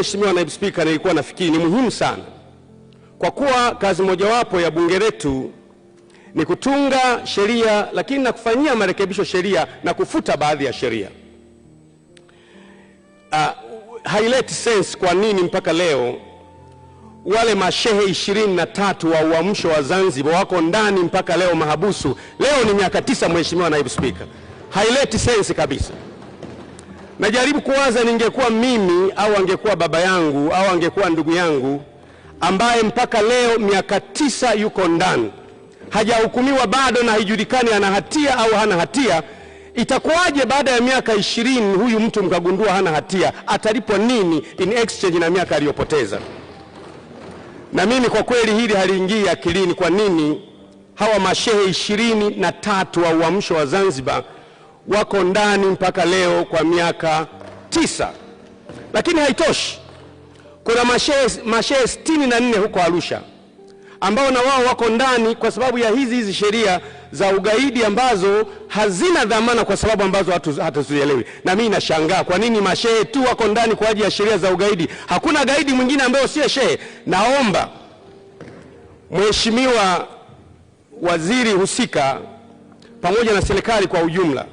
Mheshimiwa Naibu Spika, nilikuwa nafikiri ni muhimu sana kwa kuwa kazi mojawapo ya bunge letu ni kutunga sheria, lakini na kufanyia marekebisho sheria na kufuta baadhi ya sheria. Uh, haileti sense kwa nini mpaka leo wale mashehe ishirini na tatu wa uamsho wa Zanzibar wako ndani mpaka leo mahabusu. Leo ni miaka tisa, Mheshimiwa Naibu Spika, haileti sense kabisa. Najaribu kuwaza ningekuwa mimi au angekuwa baba yangu au angekuwa ndugu yangu ambaye mpaka leo miaka tisa yuko ndani hajahukumiwa bado na haijulikani ana hatia au hana hatia. Itakuwaje baada ya miaka ishirini huyu mtu mkagundua hana hatia? Atalipwa nini in exchange na miaka aliyopoteza? Na mimi kwa kweli hili haliingii akilini. Kwa nini hawa mashehe ishirini na tatu wa Uamsho wa Zanzibar wako ndani mpaka leo kwa miaka tisa. Lakini haitoshi, kuna mashehe sitini na nne huko Arusha ambao na wao wako ndani kwa sababu ya hizi hizi sheria za ugaidi ambazo hazina dhamana kwa sababu ambazo hatuzielewi. Na mimi nashangaa kwa nini mashehe tu wako ndani kwa ajili ya sheria za ugaidi, hakuna gaidi mwingine ambayo sio shehe. Naomba Mheshimiwa waziri husika pamoja na serikali kwa ujumla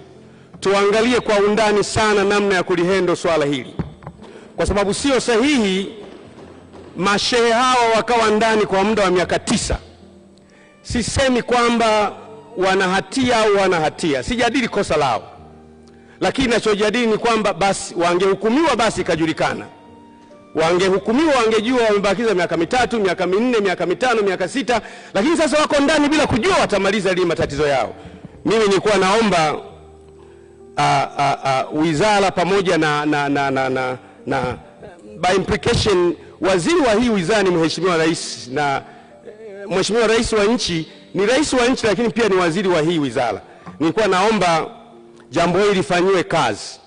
tuangalie kwa undani sana namna ya kulihendo swala hili, kwa sababu sio sahihi mashehe hawa wakawa ndani kwa muda wa miaka tisa. Sisemi kwamba wana hatia au wana hatia, sijadili kosa lao, lakini nachojadili ni kwamba basi wangehukumiwa, basi ikajulikana wangehukumiwa wangejua wamebakiza miaka mitatu, miaka minne, miaka mitano, miaka sita, lakini sasa wako ndani bila kujua watamaliza lini matatizo yao. Mimi nilikuwa naomba a, a, a, wizara pamoja na, na, na, na, na, na by implication waziri wa hii wizara ni mheshimiwa rais, na eh, mheshimiwa rais wa nchi ni rais wa nchi, lakini pia ni waziri wa hii wizara. Nilikuwa naomba jambo hili lifanyiwe kazi.